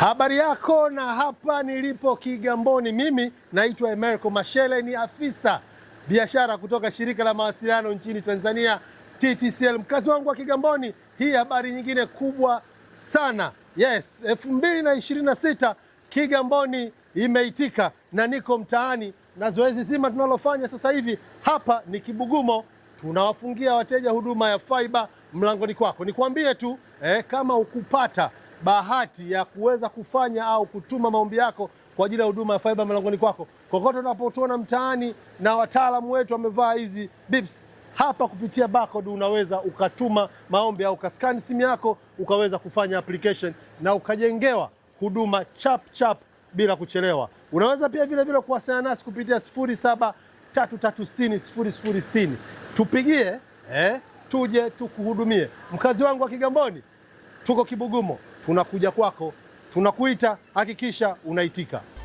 Habari yako na hapa nilipo Kigamboni. Mimi naitwa Emerco Mashele, ni afisa biashara kutoka shirika la mawasiliano nchini Tanzania TTCL. Mkazi wangu wa Kigamboni, hii habari nyingine kubwa sana. Yes, 2026 Kigamboni imeitika na niko mtaani, na zoezi zima tunalofanya sasa hivi hapa ni Kibugumo, tunawafungia wateja huduma ya faiba mlangoni kwako. Nikwambie tu eh, kama ukupata bahati ya kuweza kufanya au kutuma maombi yako kwa ajili ya huduma ya fiber mlangoni kwako. Kokote unapotuona mtaani na wataalamu wetu wamevaa hizi bips hapa, kupitia barcode unaweza ukatuma maombi au ukaskani simu yako ukaweza kufanya application na ukajengewa huduma chap chap bila kuchelewa. Unaweza pia vile vile kuwasiliana nasi kupitia 0733600060 tupigie eh, tuje tukuhudumie. Mkazi wangu wa Kigamboni tuko Kibugumo, tunakuja kwako, tunakuita, hakikisha unaitika.